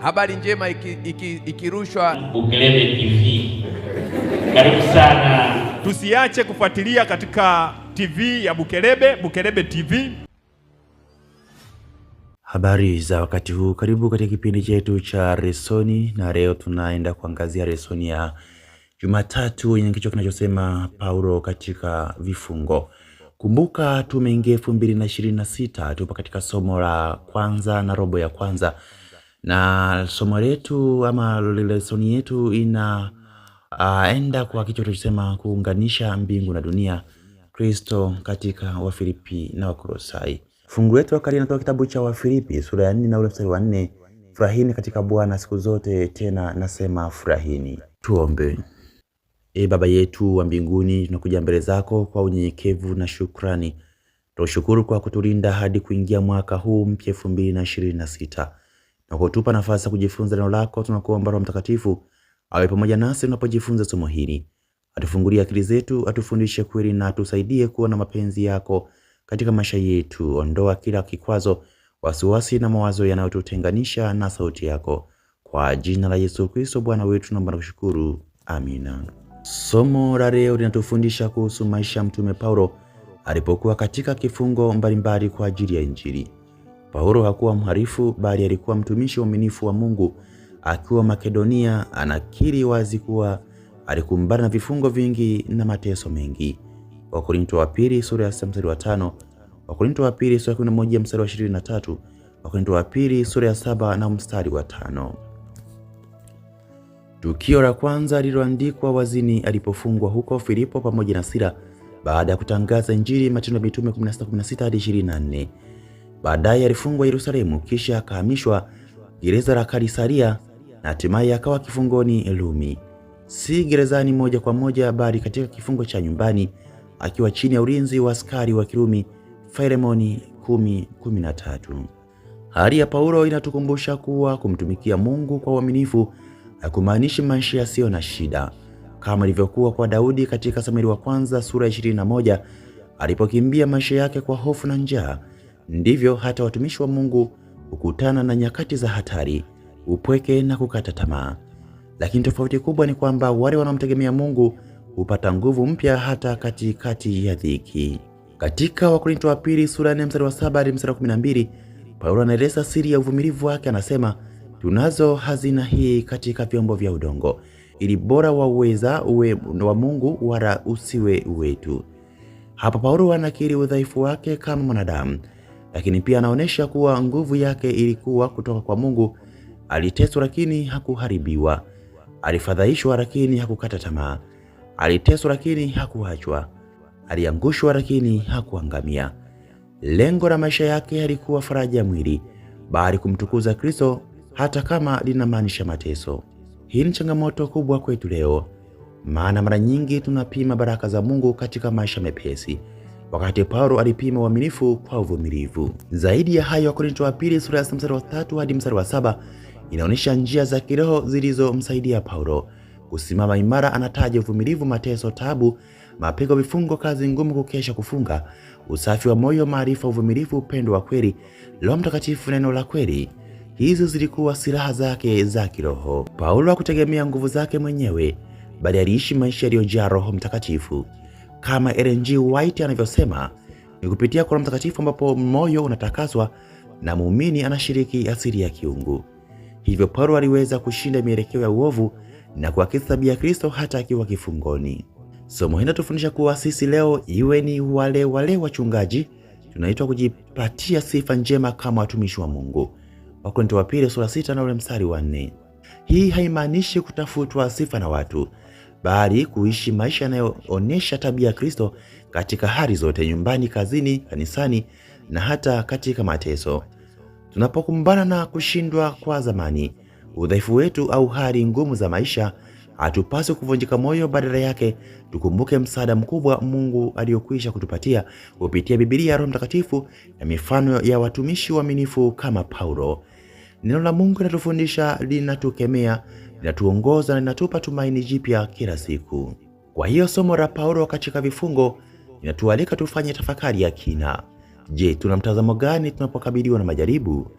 Habari njema ikirushwa iki, iki Bukelebe TV. Karibu sana, tusiache kufuatilia katika TV ya Bukelebe, Bukelebe TV. Habari za wakati huu, karibu katika kipindi chetu cha resoni na leo tunaenda kuangazia resoni ya Jumatatu yenye kichwa kinachosema Paulo katika vifungo. Kumbuka tumeingia elfu mbili na ishirini na sita, tupo katika somo la kwanza na robo ya kwanza na somo letu ama lesoni yetu inaenda ah, uh, kwa kichwa tunachosema kuunganisha mbingu na dunia, Kristo katika Wafilipi na Wakolosai. Fungu letu wakali inatoka kitabu cha Wafilipi sura ya 4 na ule mstari wa nne: furahini katika Bwana siku zote, tena nasema furahini. Tuombe. E Baba yetu wa mbinguni, tunakuja mbele zako kwa unyenyekevu na shukrani. Tunashukuru kwa kutulinda hadi kuingia mwaka huu mpya 2026 na kutupa nafasi ya kujifunza neno lako. Tunakuomba Roho Mtakatifu awe pamoja nasi tunapojifunza somo hili, atufungulie akili zetu, atufundishe kweli na atusaidie kuwa na mapenzi yako katika maisha yetu. Ondoa kila kikwazo, wasiwasi na mawazo yanayotutenganisha na sauti yako, kwa jina la Yesu Kristo Bwana wetu naomba na kushukuru, amina. Somo la leo linatufundisha kuhusu maisha ya Mtume Paulo alipokuwa katika kifungo mbalimbali kwa ajili ya Injili. Paulo hakuwa mharifu bali alikuwa mtumishi mwaminifu wa Mungu. Akiwa Makedonia, anakiri wazi kuwa alikumbana na vifungo vingi na mateso mengi. Wakorinto wa pili sura ya 6 mstari wa 5, Wakorinto wa pili sura ya 11 mstari wa 23, Wakorinto wa pili sura ya 7 na mstari wa 5. Tukio la kwanza lililoandikwa wazini alipofungwa huko Filipo pamoja na Sila baada ya kutangaza Injili, Matendo ya Mitume 16:16 hadi 24. Baadaye alifungwa Yerusalemu, kisha akahamishwa gereza la Kaisaria na hatimaye akawa kifungoni Rumi, si gerezani moja kwa moja, bali katika kifungo cha nyumbani, akiwa chini ya ulinzi wa askari wa Kirumi Filemoni 10:13. Hali ya Paulo inatukumbusha kuwa kumtumikia Mungu kwa uaminifu hakumaanishi maisha yasiyo na shida, kama ilivyokuwa kwa Daudi katika Samweli wa kwanza sura ya 21 alipokimbia maisha yake kwa hofu na njaa. Ndivyo hata watumishi wa Mungu hukutana na nyakati za hatari, upweke na kukata tamaa, lakini tofauti kubwa ni kwamba wale wanaomtegemea Mungu hupata nguvu mpya hata katikati ya dhiki. Katika Wakorinto wa pili sura 4 mstari wa 7 hadi mstari wa 12, Paulo anaeleza siri ya uvumilivu wake. Anasema, tunazo hazina hii katika vyombo vya udongo, ili bora waweza uwe wa Mungu wala usiwe wetu. Hapa Paulo anakiri udhaifu wake kama mwanadamu lakini pia anaonyesha kuwa nguvu yake ilikuwa kutoka kwa Mungu. Aliteswa lakini hakuharibiwa, alifadhaishwa lakini hakukata tamaa, aliteswa lakini hakuachwa, aliangushwa lakini hakuangamia. Lengo la maisha yake halikuwa faraja ya mwili, bali kumtukuza Kristo, hata kama linamaanisha mateso. Hii ni changamoto kubwa kwetu leo, maana mara nyingi tunapima baraka za Mungu katika maisha mepesi wakati Paulo alipima uaminifu kwa uvumilivu. Zaidi ya hayo, Wakorintho wa pili sura ya mstari wa tatu hadi mstari wa saba inaonyesha njia za kiroho zilizomsaidia Paulo kusimama imara. Anataja uvumilivu, mateso, tabu, mapigo, vifungo, kazi ngumu, kukesha, kufunga, usafi wa moyo, maarifa, uvumilivu, upendo wa kweli, Roho Mtakatifu, neno la kweli. Hizo zilikuwa silaha zake za kiroho. Paulo hakutegemea nguvu zake mwenyewe, bali aliishi maisha yaliyojaa Roho Mtakatifu kama RNG White anavyosema ni kupitia Roho Mtakatifu ambapo moyo unatakaswa na muumini anashiriki asili ya kiungu. Hivyo Paulo aliweza kushinda mielekeo ya uovu na kuakisi tabia ya Kristo hata akiwa kifungoni. Somo hili linatufundisha kuwa sisi leo, iwe ni wale wale wachungaji, tunaitwa kujipatia sifa njema kama watumishi wa Mungu. Wakorintho wa pili sura sita na ule mstari wa nne. Hii haimaanishi kutafutwa sifa na watu, bali kuishi maisha yanayoonyesha tabia ya Kristo katika hali zote, nyumbani, kazini, kanisani na hata katika mateso. Tunapokumbana na kushindwa kwa zamani, udhaifu wetu au hali ngumu za maisha, hatupaswi kuvunjika moyo. Badala yake, tukumbuke msaada mkubwa Mungu aliyokwisha kutupatia kupitia Biblia, Roho Mtakatifu na mifano ya watumishi waaminifu kama Paulo. Neno la Mungu linatufundisha, linatukemea linatuongoza na linatupa tumaini jipya kila siku. Kwa hiyo somo la Paulo katika vifungo linatualika tufanye tafakari ya kina. Je, tuna mtazamo gani tunapokabiliwa na majaribu?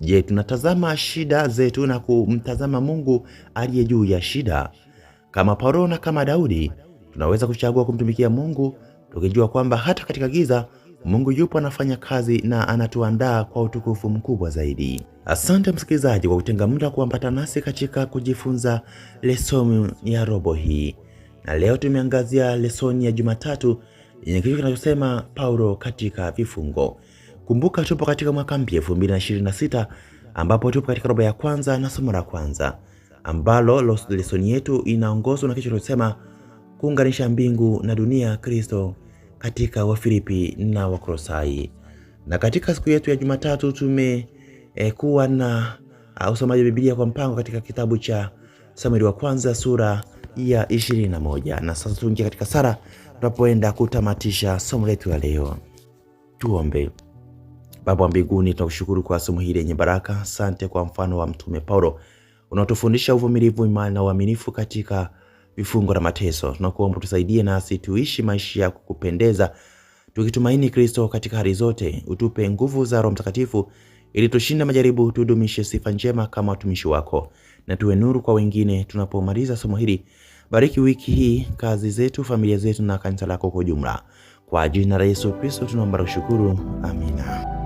Je, tunatazama shida zetu na kumtazama Mungu aliye juu ya shida? Kama Paulo na kama Daudi, tunaweza kuchagua kumtumikia Mungu tukijua kwamba hata katika giza Mungu yupo anafanya kazi na anatuandaa kwa utukufu mkubwa zaidi. Asante msikilizaji kwa kutenga muda kuambata nasi katika kujifunza lesoni ya robo hii, na leo tumeangazia lesoni ya Jumatatu yenye kichwa kinachosema Paulo katika vifungo. Kumbuka tupo katika mwaka mpya 2026 ambapo tupo katika robo ya kwanza na somo la kwanza ambalo lesoni yetu inaongozwa na kichwa kinachosema kuunganisha mbingu na dunia Kristo katika Wafilipi na Wakolosai. Na katika siku yetu ya Jumatatu tumekuwa eh, e, na uh, usomaji wa Biblia kwa mpango katika kitabu cha Samueli wa kwanza sura ya 21 na sasa tuingie katika sala tunapoenda kutamatisha somo letu la leo. Tuombe. Baba wa mbinguni, tunakushukuru kwa somo hili lenye baraka. Asante kwa mfano wa Mtume Paulo unaotufundisha uvumilivu, imani na uaminifu katika vifungo na mateso. Tunakuomba tusaidie nasi tuishi maisha ya kukupendeza tukitumaini Kristo katika hali zote. Utupe nguvu za Roho Mtakatifu ili tushinde majaribu, tudumishe sifa njema kama watumishi wako, na tuwe nuru kwa wengine tunapomaliza somo hili. Bariki wiki hii, kazi zetu, familia zetu na kanisa lako kwa ujumla. Kwa jina la Yesu Kristo tunaomba, ushukuru Amina.